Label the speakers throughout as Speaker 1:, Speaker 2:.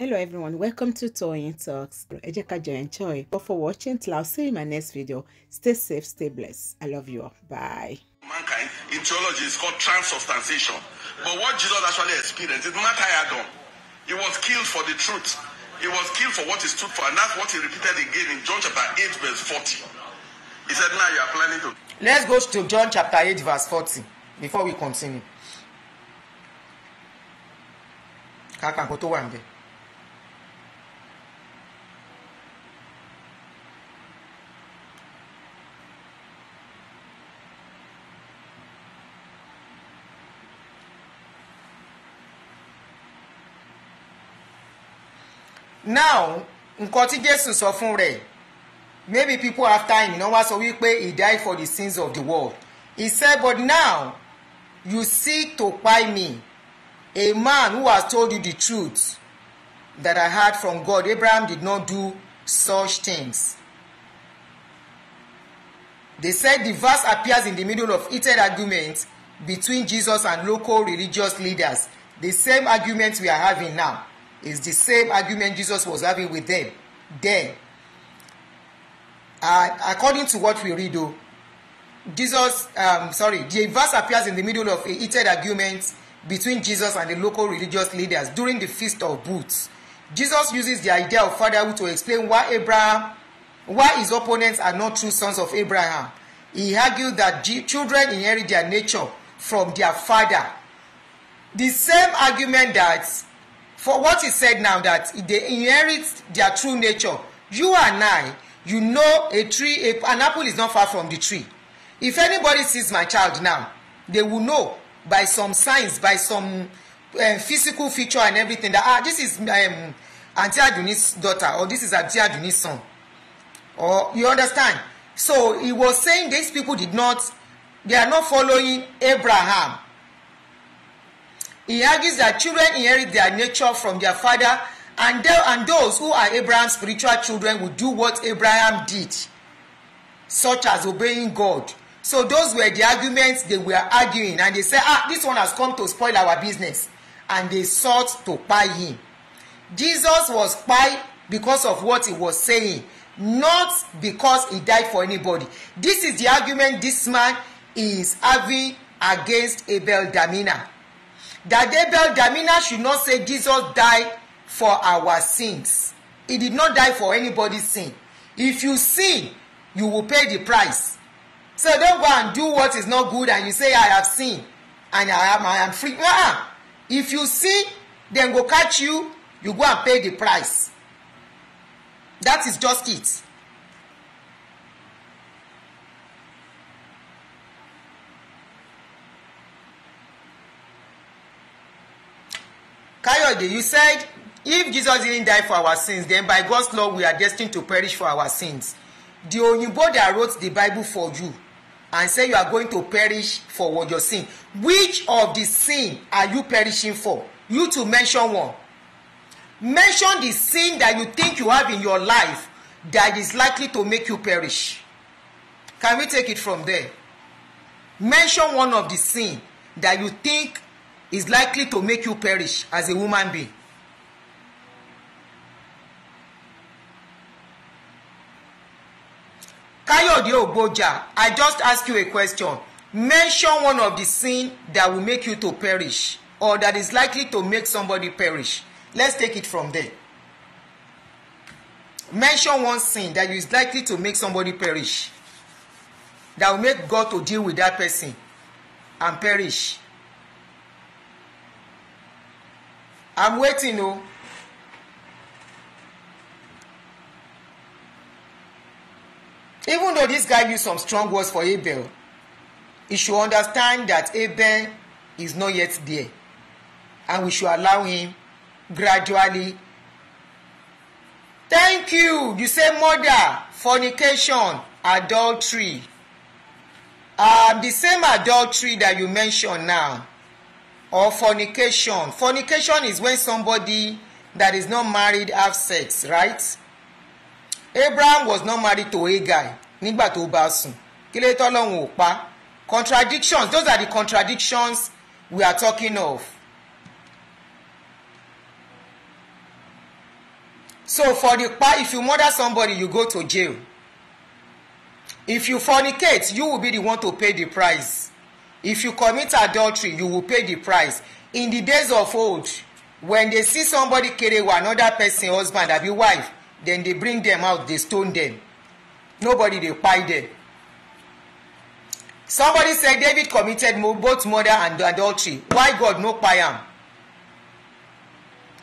Speaker 1: hello everyone welcome to Toyeen Talks ẹ jẹ́ ká enjoy but for watching till i'll see you in my next video stay safe stay blessed i love you all bye. mankind
Speaker 2: in theology is called transubstantiation but what jesus actually experienced is martyrdom he was killed for the truth he was killed for what he stood for and that's what he repeated again
Speaker 1: in john chapter eight verse forty he said now you are planning to. let's go to john chapter eight verse forty before we continue. kákan kó to wà níbẹ̀. now nǹkan tí Jésù sọ fún rẹ̀ maybe people after him náà wá sọ wípé he died for the sins of the world he said but now you seek to buy me a man who has told you the truth that I heard from God Abraham did not do such things they said the verse appears in the middle of heated arguments between Jesus and local religious leaders the same argument we are having now Is the same argument Jesus was having with them then. Uh, according to what we read, though, Jesus, um, sorry, the verse appears in the middle of a heated argument between Jesus and the local religious leaders during the Feast of Booths. Jesus uses the idea of fatherhood to explain why Abraham, why his opponents are not true sons of Abraham. He argued that children inherit their nature from their father. The same argument that for what he said now that they inherit their true nature you and I you know a tree a, an apple is not far from the tree if anybody sees my child now they will know by some signs by some uh, physical feature and everything that ah this is um, aunty Aduni's daughter or this is aunty Aduni's son or you understand so he was saying these people did not they are not following Abraham He argues that children inherit their nature from their father, and, they, and those who are Abraham's spiritual children will do what Abraham did, such as obeying God. So those were the arguments they were arguing, and they said, Ah, this one has come to spoil our business. And they sought to buy him. Jesus was pie because of what he was saying, not because he died for anybody. This is the argument this man is having against Abel Damina that they Abel Damina should not say Jesus died for our sins. He did not die for anybody's sin. If you sin, you will pay the price. So don't go and do what is not good and you say, I have sinned and I am, I am free. Uh-uh. If you sin, then go catch you, you go and pay the price. That is just it. Kayode, you said if Jesus didn't die for our sins, then by God's law we are destined to perish for our sins. The Oyinbo that wrote the Bible for you and say you are going to perish for what your sin. Which of the sin are you perishing for? You to mention one. Mention the sin that you think you have in your life that is likely to make you perish. Can we take it from there? Mention one of the sin that you think is likely to make you perish as a human being. Kayode Ogboja, I just ask you a question. Mention one of the sin that will make you to perish or that is likely to make somebody perish. Let's take it from there. Mention one sin that is likely to make somebody perish. That will make God to deal with that person and perish I'm waiting o. Oh. Even though this guy used some strong words for Abel, he should understand that Abel is not yet there, and we should allow him gradually. Thank you. You say murder, fornication, adultery. Um, the same adultery that you mention now or fornication fornication is when somebody that is not married have sex right Abraham was not married to Hagar nígbà tó bá sùn kí tọ́lọ́hún ò pa contradictions those are the contradictions we are talking of so for the pa if you murder somebody you go to jail if you fornicate you will be the one to pay the price if you commit adultery you will pay the price in the days of old when they see somebody carry another person husband abi wife then they bring them out they stone them nobody dey kpai them somebody say david committed both murder and adultery why god no kpai am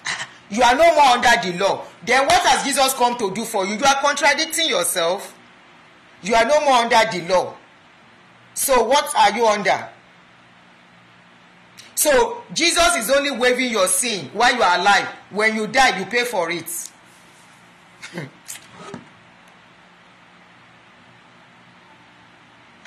Speaker 1: you are no more under the law then what has jesus come to do for you you are contradicting yourself you are no more under the law So what are you under? So Jesus is only waving your sin while you are alive. When you die, you pay for it.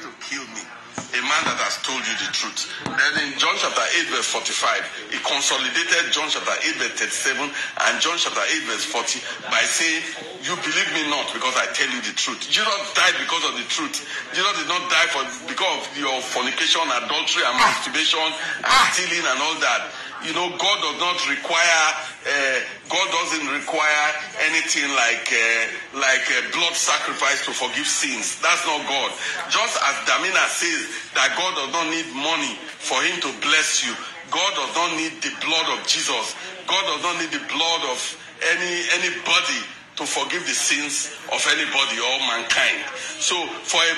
Speaker 2: to kill me, a man that has told you the truth. Then in John chapter 8, verse 45, he consolidated John chapter 8, verse 37 and John chapter 8, verse 40 by saying, You believe me not because I tell you the truth. Jesus died because of the truth. Jesus did not die for because of your fornication, adultery, and masturbation, and ah! stealing, and all that you know, God does not require, uh, God doesn't require anything like uh, like a uh, blood sacrifice to forgive sins. That's not God. Just as Damina says that God does not need money for Him to bless you. God does not need the blood of Jesus. God does not need the blood of any anybody to forgive the sins of anybody or mankind. So for a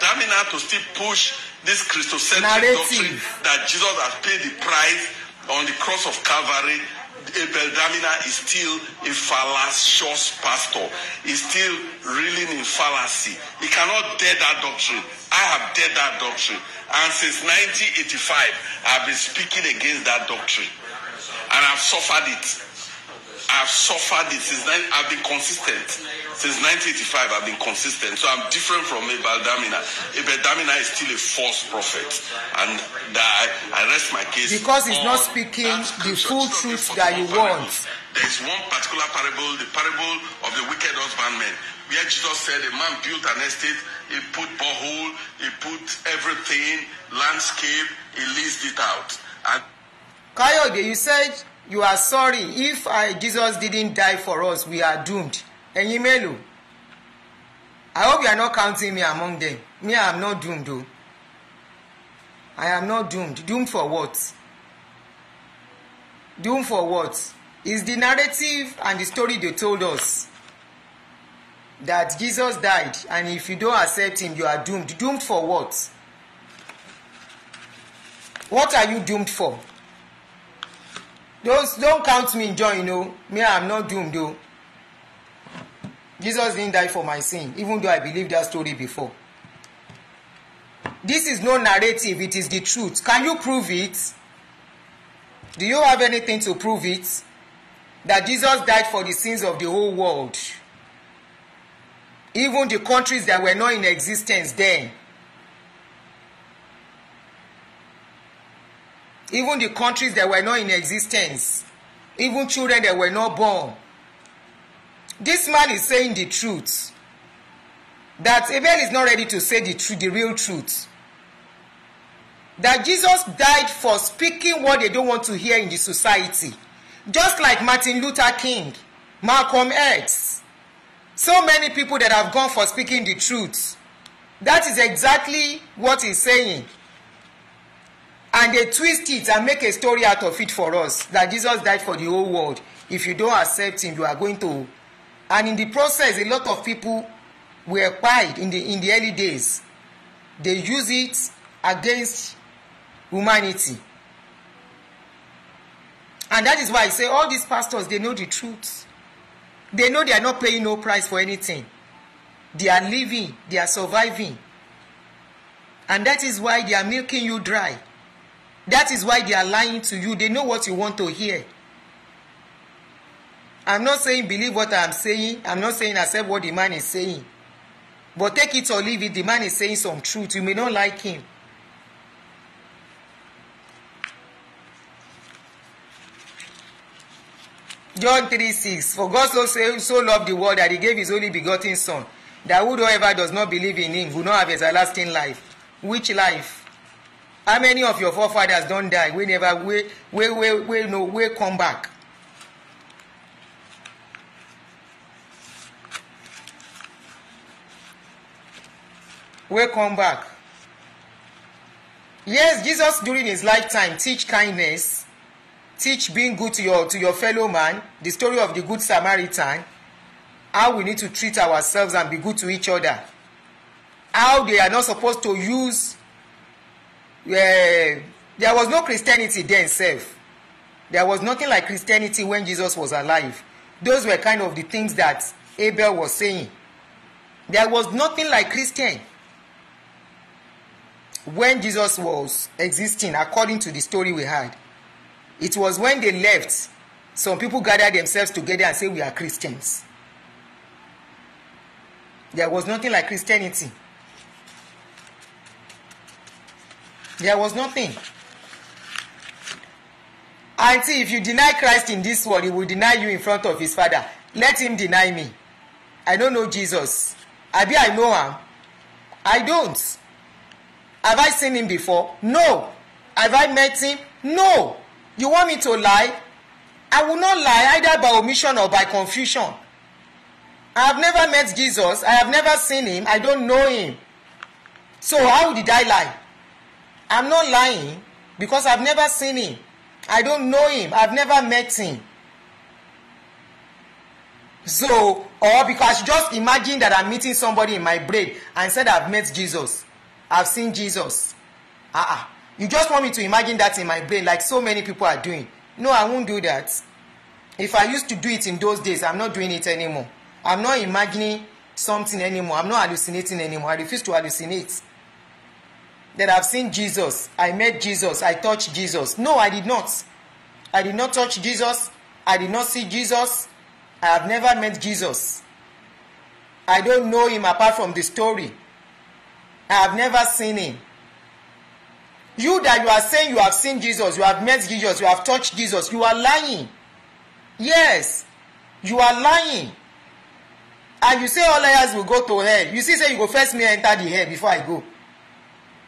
Speaker 2: Damina to still push this Christocentric Narrative. doctrine that Jesus has paid the price on the cross of Calvary, Abel Damina is still a fallacious pastor. He's still reeling in fallacy. He cannot dare that doctrine. I have dared that doctrine. And since 1985, I've been speaking against that doctrine. And I've suffered it. I've suffered it since nine, I've been consistent since 1985. I've been consistent, so I'm different from Abel Damina. Abel Damina is still a false prophet, and I, I rest my case because he's not
Speaker 1: speaking the full truth that you want.
Speaker 2: There is one particular parable, the parable of the wicked husbandman, where Jesus said a man built an estate, he put borehole, he put everything, landscape, he leased it out. And
Speaker 1: Kayode, you said you are sorry if I, Jesus didn't die for us we are doomed ẹ̀yin mélòó I hope you are not counting me among them me I am not doomed o I am not doomed doomed for what doomed for what is the narrative and the story they told us that Jesus died and if you don't accept him you are doomed doomed for what what are you doomed for don't don't count me join know, me i'm not doomed o jesus didn't die for my sin even though i believed that story before this is no narrative it is the truth can you prove it do you have anything to prove it that jesus died for the sins of the whole world even the countries that were not in existence then even the countries that were not in existence even children that were not born this man is saying the truth that abel is not ready to say the truth the real truth that jesus died for speaking what they don't want to hear in the society just like martin luther king malcolm x so many people that have gone for speaking the truth that is exactly what he's saying and they twist it and make a story out of it for us that Jesus died for the whole world if you don't accept him you are going to and in the process a lot of people were quiet in the in the early days they use it against humanity and that is why I say all these pastors they know the truth they know they are not paying no price for anything they are living they are surviving and that is why they are milking you dry that is why they are lying to you they know what you want to hear i'm not saying believe what i'm saying i'm not saying accept what the man is saying but take it or leave it the man is saying some truth you may not like him John 3 6 For God so, so loved the world that he gave his only begotten Son, that whoever does not believe in him will not have his lasting life. Which life? how many of your forefathers don die wey never wey wey wey wey no wey come back wey come back yes jesus during his lifetime teach kindness teach being good to your to your fellow man the story of the good samaritan how we need to treat ourselves and be good to each other how they are not supposed to use uh, there was no Christianity then self. There was nothing like Christianity when Jesus was alive. Those were kind of the things that Abel was saying. There was nothing like Christian when Jesus was existing, according to the story we had. It was when they left, some people gathered themselves together and said, We are Christians. There was nothing like Christianity. There was nothing. Auntie, if you deny Christ in this world, he will deny you in front of his father. Let him deny me. I don't know Jesus. Abi I know am. I don't. Have I seen him before? No. Have I met him? No. You want me to lie? I will not lie either by omission or by confusion. I have never met Jesus. I have never seen him. I don't know him. So how did I lie? I'm not lying because I've never seen him. I don't know him. I've never met him. So, or because just imagine that I'm meeting somebody in my brain and said I've met Jesus. I've seen Jesus. Ah, uh-uh. You just want me to imagine that in my brain like so many people are doing. No, I won't do that. If I used to do it in those days, I'm not doing it anymore. I'm not imagining something anymore. I'm not hallucinating anymore. I refuse to hallucinate that I've seen Jesus, I met Jesus, I touched Jesus. No, I did not. I did not touch Jesus. I did not see Jesus. I have never met Jesus. I don't know him apart from the story. I have never seen him. You that you are saying you have seen Jesus, you have met Jesus, you have touched Jesus, you are lying. Yes, you are lying. And you say all liars will go to hell. You see, say you go first me enter the hell before I go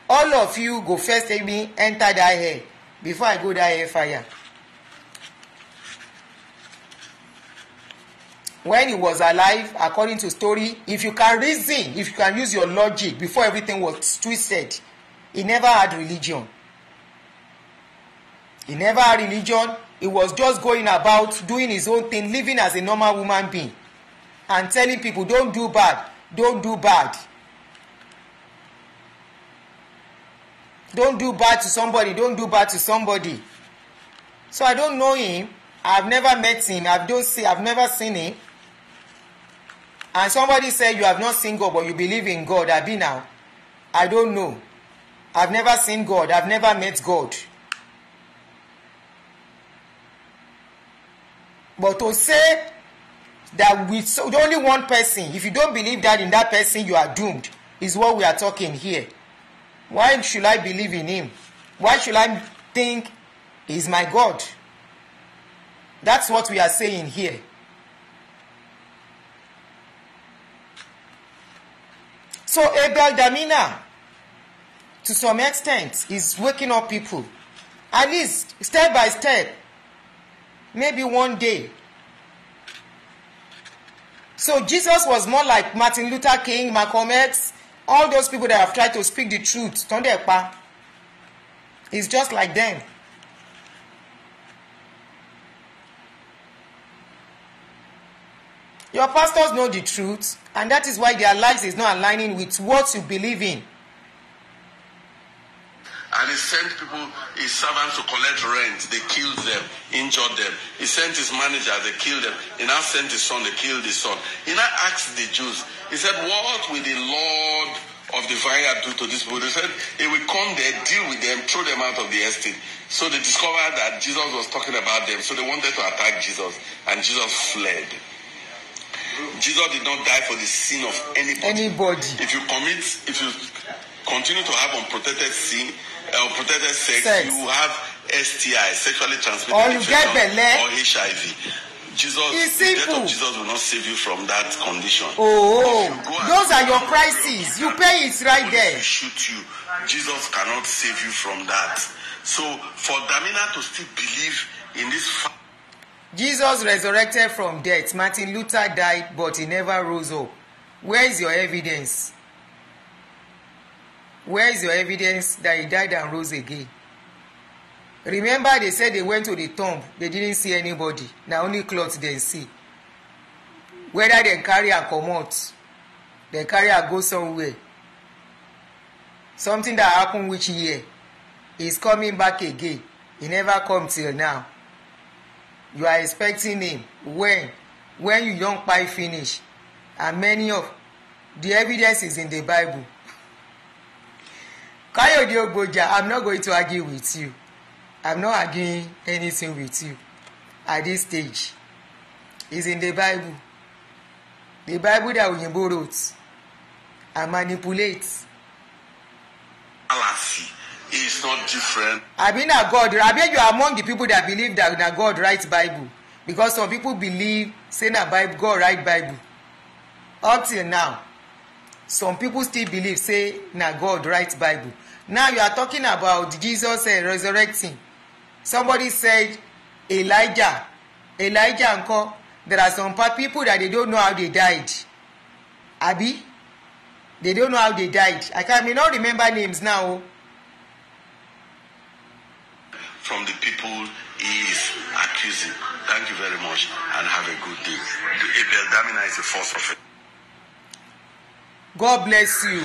Speaker 1: all of you go first take me enter that hell before i go that hell fire when he was alive according to story if you can reason if you can use your logic before everything was twisted he never had religion he never had religion he was just going about doing his own thing living as a normal woman being and telling people don't do bad don't do bad don't do bad to somebody don't do bad to somebody so i don't know him i've never met him i don't see i've never seen him and somebody said you have not seen god but you believe in god abi now i don't know i've never seen god i've never met god but to say that with so, only one person if you don't believe that in that person you are doomed is what we are talking here Why should I believe in him? Why should I think he's my God? That's what we are saying here. So Abel Damina, to some extent, is waking up people. At least step by step. Maybe one day. So Jesus was more like Martin Luther King, Malcolm X, all those people that have tried to speak the truth tán dẹ̀ is just like them. Your pastors know the truth, and that is why their lives is not aligning with what you believe in
Speaker 2: and he sent people, his servants to collect rent. They killed them, injured them. He sent his manager, they killed them. He now sent his son, they killed his son. He now asked the Jews, he said, What will the Lord of the vineyard do to this people? They said, He will come there, deal with them, throw them out of the estate. So they discovered that Jesus was talking about them. So they wanted to attack Jesus, and Jesus fled. Jesus did not die for the sin of anybody. anybody. If you commit, if you continue to have unprotected sin, uh, protected sex, sex, you have STI, sexually transmitted or you get belle or HIV. Jesus, The death of Jesus will not save you from that condition.
Speaker 1: Oh, those are your prices. You pay it right there.
Speaker 2: Shoot you. Jesus cannot save you from that. So for Damina to still believe in this.
Speaker 1: Jesus resurrected from death. Martin Luther died, but he never rose up. Where is your evidence? Where is your evidence that he died and rose again? Remember they said they went to the tomb. They didn't see anybody. Na only cloth dem see. Whether dem carry am comot, dem carry am go somewhere. Something that happen which year is coming back again. He never come till now. You are expecting him when when you don kpai finish and many of the evidence is in the Bible. Kayode Ogboja, I'm not going to argue with you. I'm not arguing anything with you at this stage. It's in the Bible. The Bible that Oyinbo wrote and manipulates.
Speaker 2: Fallacy is not different.
Speaker 1: Abi na God, abi you are among the people that believe that na God write Bible because some people believe say na Bible God write Bible up till now some people still believe say na god write bible now you are talking about jesus uh, resurrecting somebody said elijah elijah nko there are some people that they don't know how they died abi they don't know how they died i can may not remember names now. Oh.
Speaker 2: from the people he is accusing thank you very much and have a good day abel damina is a false prophet
Speaker 1: god bless you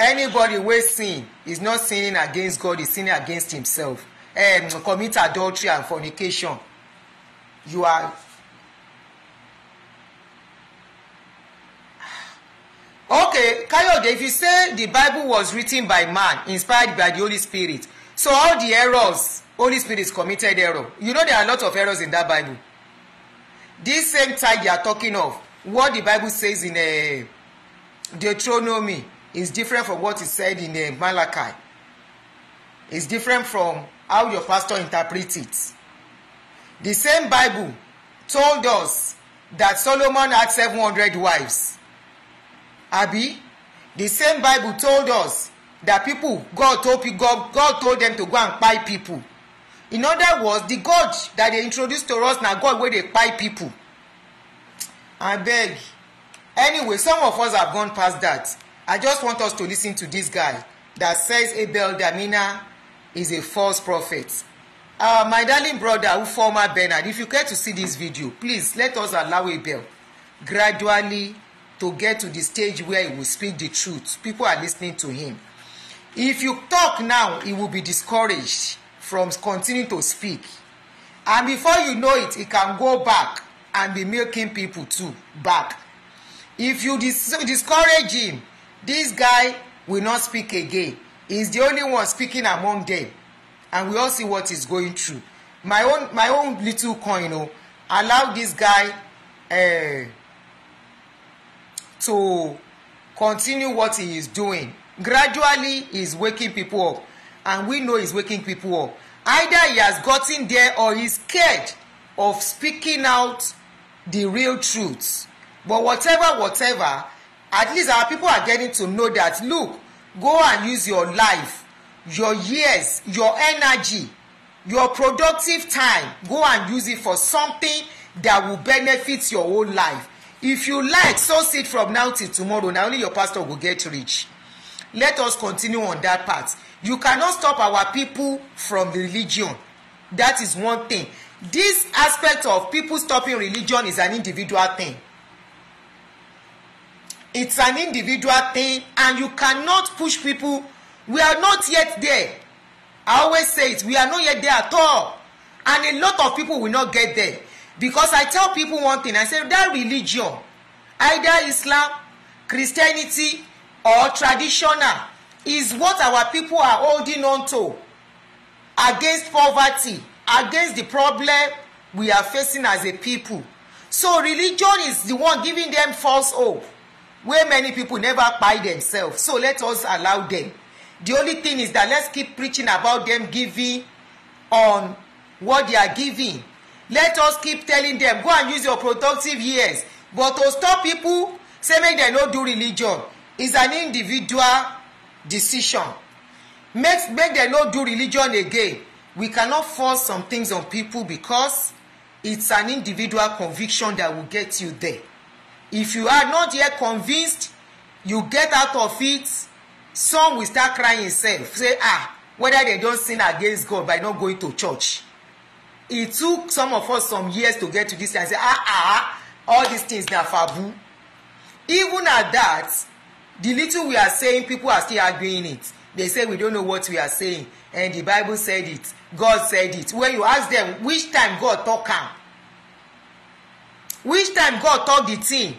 Speaker 1: anybody wey sin is not sinning against god he's sinning against himself um, commit adultery and fornication you are okay kayode if you say the bible was written by man inspired by the holy spirit so all the errors holy spirit committed error you know there are a lot of errors in that bible this same time you are talking of what the bible says in uh, Deuteronomy is different from what is said in uh, Malachi. It's different from how your pastor interprets it. The same Bible told us that Solomon had 700 wives. Abi, the same Bible told us that people, God told God, God told them to go and buy people. In other words, the God that they introduced to us now God where they buy people. I beg. Anyway, some of us have gone past that. I just want us to listen to this guy that says Abel Damina is a false prophet. Uh, my darling brother who former Bernard, if you care to see this video, please let us allow Abel gradually to get to the stage where he will speak the truth. People are listening to him. If you talk now, he will be discouraged from continuing to speak. And before you know it, he can go back and be making people too back if you dis discourage him this guy will not speak again he's the only one speaking among them and we all see what he's going through my own my own little coin o oh, allow this guy uh, to continue what he is doing gradually he's waking people up and we know he's waking people up either he has gotten there or he's scared of speaking out the real truth But whatever, whatever, at least our people are getting to know that look, go and use your life, your years, your energy, your productive time, go and use it for something that will benefit your whole life. If you like, sow seed from now till tomorrow, na only your pastor go get rich. Let us continue on that path. You cannot stop our people from religion. That is one thing. This aspect of people stopping religion is an individual thing it's an individual thing and you cannot push people we are not yet there i always say it we are not yet there at all and a lot of people will not get there because i tell people one thing i say that religion either islam christianity or traditional is what our people are holding on to against poverty against the problem we are facing as a people so religion is the one giving them false hope where many people never buy themselves so let us allow them the only thing is that let's keep preaching about them giving on what they are giving let us keep telling them go and use your productive years but to stop people say make dem no do religion is an individual decision make make dem no do religion again we cannot force some things on people because it's an individual conviction that will get you there if you are not yet convinced you get out of it some will start crying sef say ah whether they don sin against God by not going to church e took some of us some years to get to this and say ah ah all these things na fabu even at that the little we are saying people are still arguing it they say we don't know what we are saying and the Bible said it God said it when you ask them which time God talk am which time god talk the thing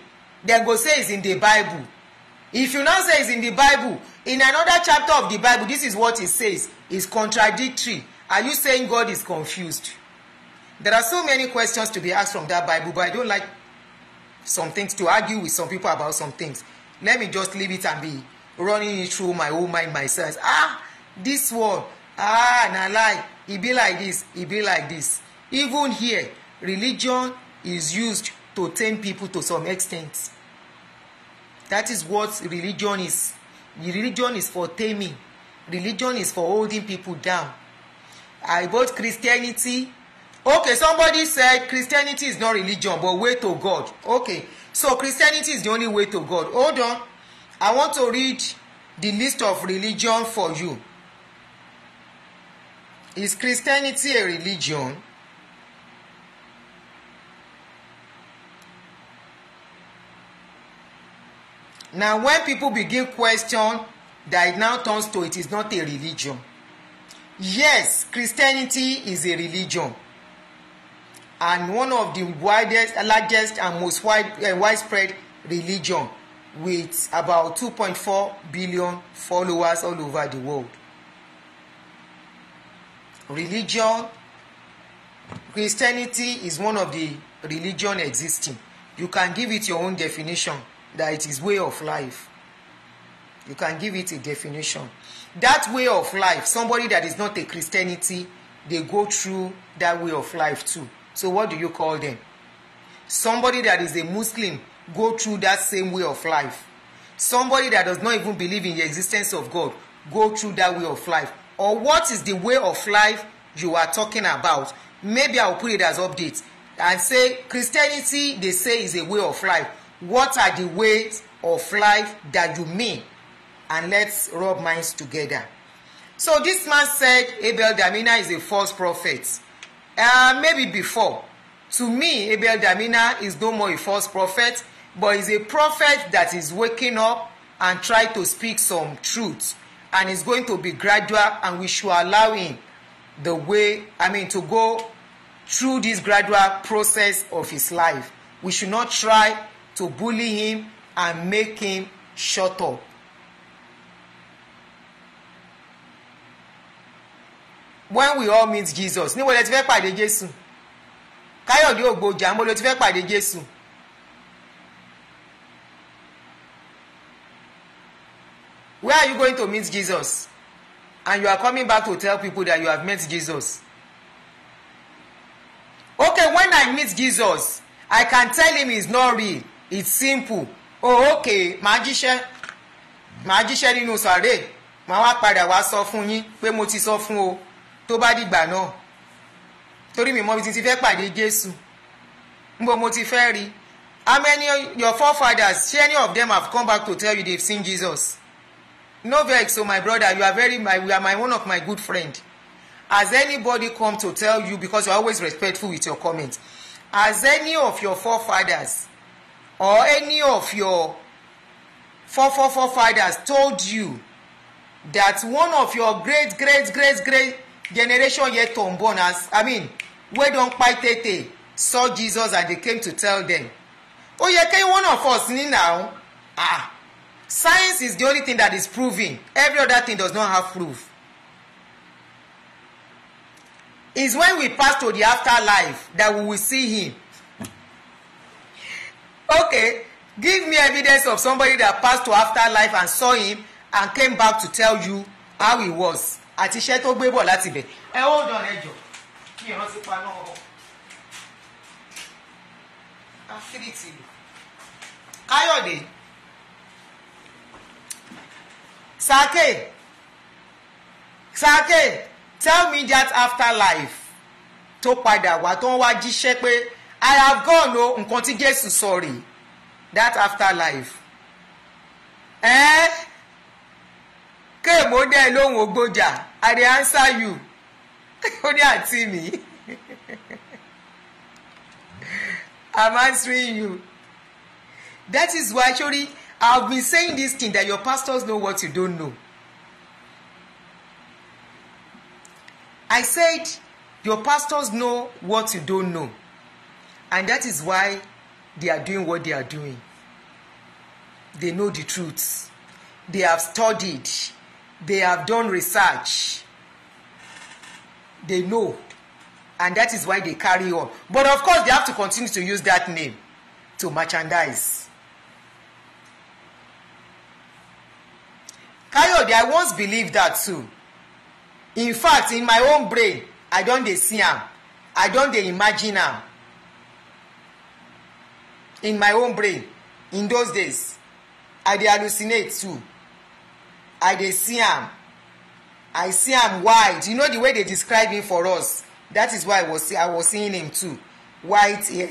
Speaker 1: dem go say is in the bible if you now say is in the bible in another chapter of the bible this is what it says is contradictory are you saying god is confused there are so many questions to be asked from that bible but i don't like some things to argue with some people about some things let me just leave it and be running it through my own mind myself ah this one ah na lie e be like this e be like this even here religion is used to tame people to some extent that is what religion is religion is for taming religion is for holding people down i bought christianity okay somebody said christianity is not religion but way to god okay so christianity is the only way to god hold on i want to read the list of religion for you is christianity a religion Now, when people begin question that it now turns to it is not a religion. Yes, Christianity is a religion and one of the widest, largest and most wide, uh, widespread religion with about 2.4 billion followers all over the world. Religion, Christianity is one of the religion existing. You can give it your own definition that it is way of life you can give it a definition that way of life somebody that is not a christianity they go through that way of life too so what do you call them somebody that is a muslim go through that same way of life somebody that does not even believe in the existence of god go through that way of life or what is the way of life you are talking about maybe i will put it as update and say christianity they say is a way of life what are the ways of life that you mean and let's rub minds together so this man said abel damina is a false prophet uh, maybe before to me abel damina is no more a false prophet but he's a prophet that is waking up and try to speak some truth and it's going to be gradual and we should allow him the way i mean to go through this gradual process of his life we should not try to bully him and make him shut up. when we all meet Jesus níbo lẹ ti fẹ́ pàdé Jésù Káyọ̀dé Ògbójà níbo lẹ ti fẹ́ pàdé Jésù. Where are you going to meet Jesus? And you are coming back to tell people that you have met Jesus. Okay, when I meet Jesus, I can tell him he's not real it's simple oh okay màá jíṣẹ́ màá jíṣẹ́ nínú sàré màá wá padà wá sọ fún yín pé mo ti sọ fún o tó bá dìgbà náà torí mi mọ bí ti fẹ́ pàdé Jésù nbo mo ti fẹ́ rí how many of your forefathers ṣé any of them have come back to tell you they've seen Jesus no vex o oh, my brother you are very my you are my one of my good friend has anybody come to tell you because you are always respectful with your comments has any of your forefathers or any of your four, four, four fathers told you that one of your great great great great generation yet unborn as i mean wey don kpai tete saw jesus and they came to tell them ó yẹ kí one of us ní now ah science is the only thing that is proving every other thing does not have proof it's when we pass to the afterlife that we will see him okay give me evidence of somebody that passed to afterlife and saw him and came back to tell you how he was àti iṣẹ́ tó gbé bọ̀ láti bẹ̀. ẹ ó dàn ẹ jọ kí ìran ti paná ọ àfírí ti lò sake sake tell me that afterlife tó padà wá tó ń wá jíṣẹ́ pé. I have gone o oh, nǹkan tí Sorry, sọ rèé that afterlife eh? kéèmó dẹ́ lóhùn ògbójà I dey answer you ó ní àǹtí mi I'm answering you that is why sori I have been saying this thing that your pastors know what you don't know I said your pastors know what you don't know and that is why they are doing what they are doing they know the truth they have studied they have done research they know and that is why they carry on but of course they have to continue to use that name to merchandise Kayode I once believed that too in fact in my own brain I don dey see am I don dey imagine am in my own brain in those days i dey hallucinate too i dey see am i see am wide you know the way they describe him for us that is why i was i was seeing him too white hair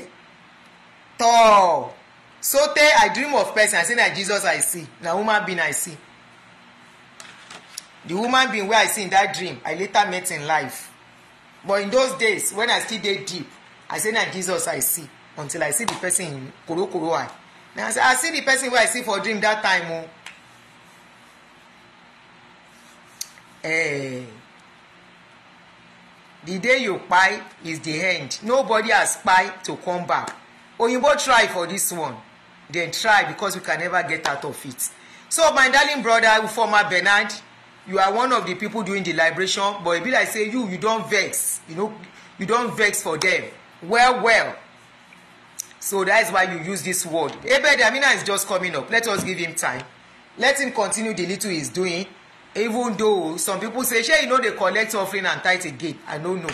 Speaker 1: tall sotey i dream of person i say na jesus i see na woman being i see the woman being wey i see in that dream i later met in life but in those days when i still dey deep i say na jesus i see until I see the person in korokoro eye. Then I say, I see the person wey I see for dream that time o. Oh. Hey. Eh. The day you kpai is the end. Nobody has kpai to come back. Oyinbo try for this one. Then try because we can never get out of it. So my darling brother former Bernard, you are one of the people doing the liberation but e be like say you you don vex you know you don vex for them well well So that is why you use this word. Abel Amina is just coming up. Let us give him time. Let him continue the little he is doing. Even though some people say, shey you know they collect offering and tithe again. I don't know.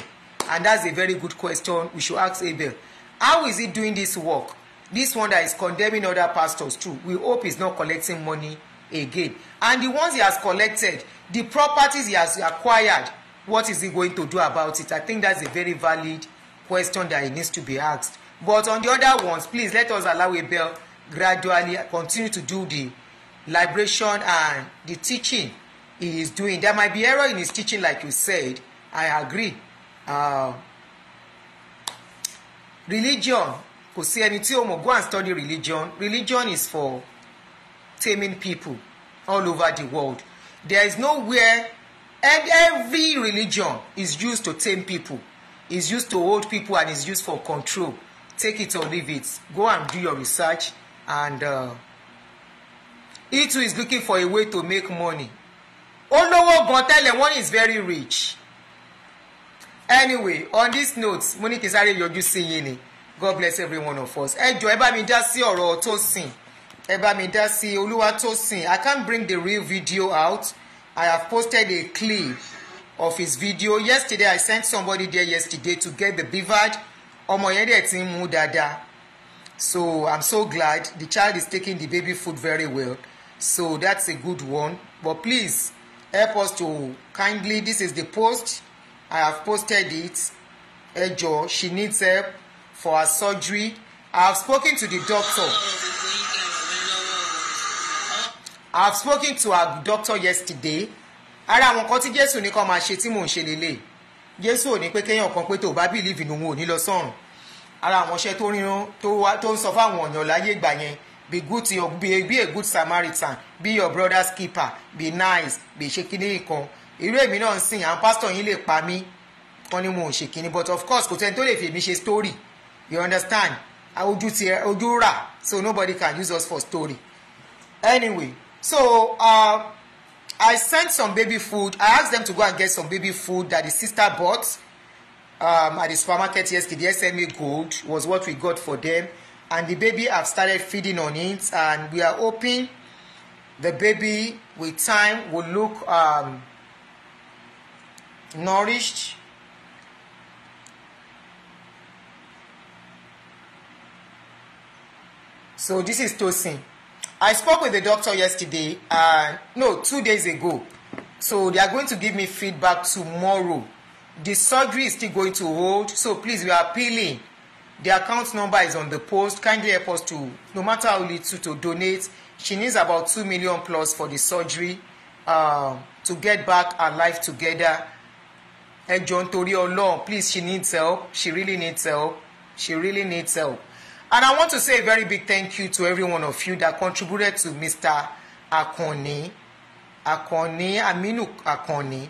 Speaker 1: And that's a very good question. We should ask Abel. How is he doing this work? This one that is condemning other pastors too. We hope he's not collecting money again. And the ones he has collected, the properties he has acquired, what is he going to do about it? I think that's a very valid question that it needs to be asked but on the other ones please let us allow Abel gradually continue to do the liberation and the teaching he is doing there might be error in his teaching like you said I agree uh, religion kò sí ẹni tí ó mọ̀ go and study religion religion is for taming people all over the world there is nowhere and every religion is used to tame people is used to hold people and is used for control take it or leave it go and do your research and uh, he too is looking for a way to make money ó lówó gan tẹ́lẹ̀ wọ́n is very rich anyway on this note Monique ní kí n sáré yọjú ni god bless every one of us Ejo eba ẹ bá mi dá sí ọ̀rọ̀ eba ẹ bá mi dá sí Olúwatósìn i can't bring the real video out i have posted a clip of his video yesterday i sent somebody there yesterday to get the beavered ọmọ yẹn dẹ̀ ti ń mú dáadáa so i'm so glad the child is taking the baby food very well so that's a good one but please help us to kindly this is the post i have posted it ẹ she needs help for her surgery i have spoken to the doctor i have spoken to her doctor yesterday ara àwọn kan tí jésù ní kó máa ṣe tí mò ń ṣe lélẹ́yìí jésù ò ní pé kéèyàn kan pé tó bá bìlíìfì nù wọn ò ní lọ sọ́run ara àwọn iṣẹ́ tó ríran tó ń sọ fáwọn ọ̀yàn láyé ìgbà yẹn be to be, a good samaritan be your brother's keeper be nice be ṣe kíní kan irú èmi náà ń sìn àwọn pásítọ̀ yín lè pa mí kan ni mo ò ṣe but of course kò sẹ́ni tó lè fi èmi ṣe story you understand ojú ti ojú rà so nobody can use us for story anyway so uh, I sent some baby food. I asked them to go and get some baby food that the sister bought um, at the supermarket yesterday. The SME Gold was what we got for them. And the baby have started feeding on it. And we are hoping the baby with time will look um, nourished. So this is toasting. I spoke with the doctor yesterday, uh, no, two days ago. So they are going to give me feedback tomorrow. The surgery is still going to hold, so please, we are appealing. The account number is on the post. Kindly help us to, no matter how little, to donate. She needs about two million plus for the surgery uh, to get back her life together. And John nítorí Ọlọ́run, please, she needs help. She really needs help. She really needs help. And I want to say a very big thank you to every one of you that contributed to Mr. Akoni. Akoni, Aminu Akoni.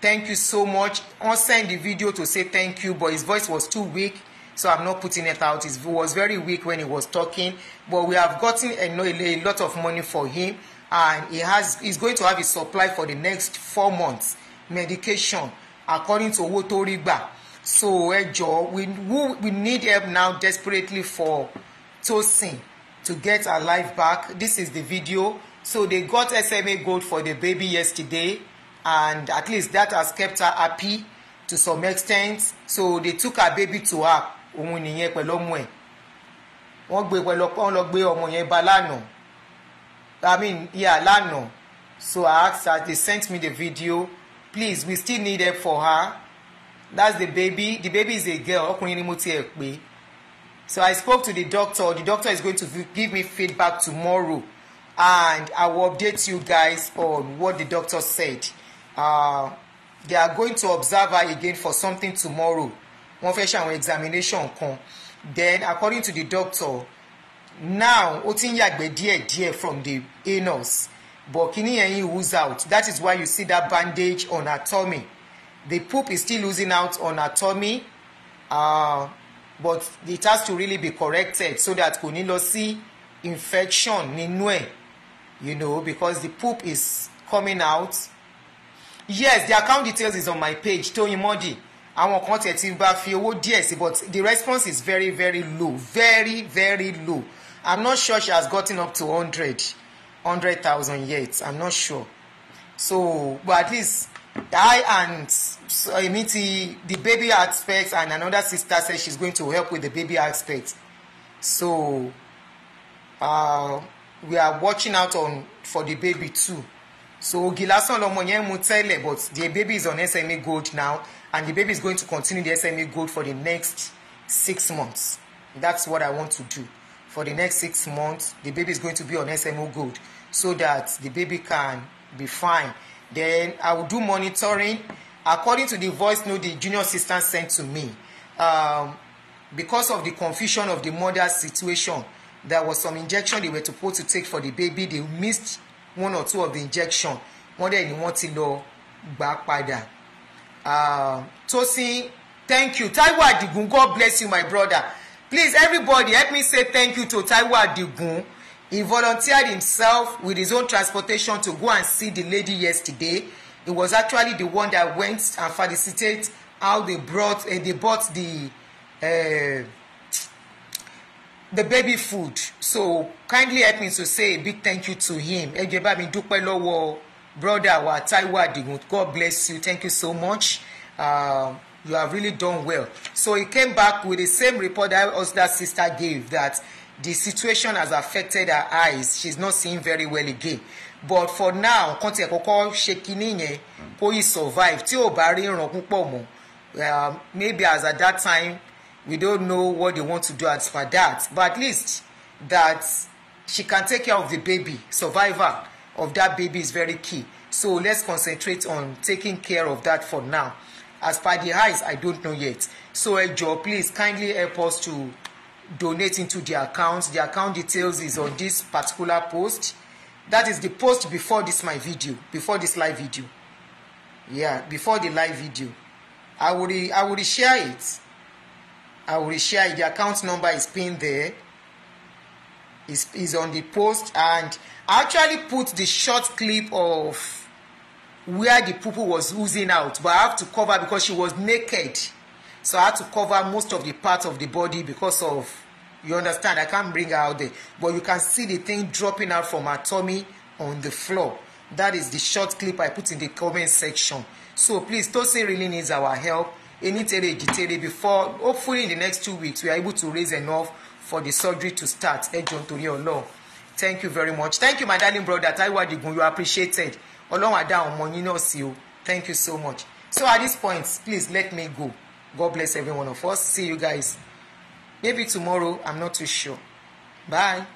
Speaker 1: Thank you so much. On send the video to say thank you, but his voice was too weak, so I'm not putting it out. It was very weak when he was talking, but we have gotten a, lot of money for him, and he has he's going to have his supply for the next four months. Medication, according to Wotorigba so ẹ we who, we need help now desperately for Tosin to get her life back this is the video so they got SMA gold for the baby yesterday and at least that has kept her happy to some extent so they took her baby to her òun nìyẹn pẹ̀lú ọmọ ẹ̀ wọ́n gbé pẹ̀lú wọ́n lọ gbé ọmọ yẹn bá lánàá I mean yeah lánàá so I asked her they sent me the video please we still need help for her that's the baby the baby is a girl ọkùnrin ni mo tiẹ̀ pé so i spoke to the doctor the doctor is going to give me feedback tomorrow and i will update you guys on what the doctor said uh, they are going to observe her again for something tomorrow wọ́n fẹ́ ṣe àwọn examination kan then according to the doctor now ó ti ń yàgbẹ́ díẹ̀díẹ̀ from the anus but kìnìyẹn yìí woods out that is why you see that bandage on her tummy the poop is still losing out on her tummy uh, but it has to really be corrected so that kò ní lọ sí infection nínú ẹ̀ you know because the poop is coming out yes the account details is on my page Toyin Modi àwọn kan tiẹ̀ ti bá fi owó díẹ̀ sí but the response is very very low very very low i'm not sure she has gotten up to hundred hundred thousand yet i'm not sure so but at least I and so Emiti, the baby aspect, and another sister said she's going to help with the baby aspect. So uh, we are watching out on for the baby too. So ogi lásán lọmọ mu tẹ́lẹ̀ but the baby is on SME gold now and the baby is going to continue the SME gold for the next six months. That's what I want to do. For the next six months, the baby is going to be on SMO e gold so that the baby can be fine Then I will do monitoring according to the voice note the junior assistant sent to me. Um, because of the confusion of the mother's situation, there was some injection they were supposed to take for the baby. They missed one or two of the injection. Wọ́n dẹ̀ ni wọ́n ti lọ gbà padà. Um, Tosin, thank you. Taiwo Adigun, God bless you, my brother. Please, everybody, help me say thank you to Taiwo Adigun. He volunteered himself with his own transportation to go and see the lady yesterday. He was actually the one that went and facilitated how they brought uh, they bought the uh, the baby food. So kindly help me to say a big thank you to him. Ẹ jẹ́ bá brother wa Taiwo Adigun. God bless you. Thank you so much. Um, you have really done well. So he came back with the same report that us that sister gave that the situation has affected her eyes she's not seeing very well again but for now kan tiẹ̀ kọ́kọ́ ṣe kinní yẹn kó yìí survive tí ò bá ríran púpọ̀ mọ́ um, maybe as at that time we don't know what they want to do as for that but at least that she can take care of the baby survival of that baby is very key so let's concentrate on taking care of that for now as per the eyes i don't know yet so ẹ please kindly help us to donate into the account the account details is on this particular post that is the post before this my video before this live video yeah before the live video i will i will share it i will share it the account number is pinned there is is on the post and i actually put the short clip of where the pupil was oozing out but i have to cover because she was naked so i had to cover most of the part of the body because of you understand i can't bring her out there but you can see the thing dropping out from her tummy on the floor that is the short clip i put in the comment section so please Tosin really needs our help enitere ejitere before hopefully in the next two weeks we are able to raise enough for the surgery to start ejo nítorí Ọlọ́run thank you very much thank you my darling brother Taiwo Adigun you are appreciated Ọlọ́run ada ọmọ yín náà sí o thank you so much so at this point please let me go. God bless every one of us. See you guys. Maybe tomorrow. I'm not too sure. Bye.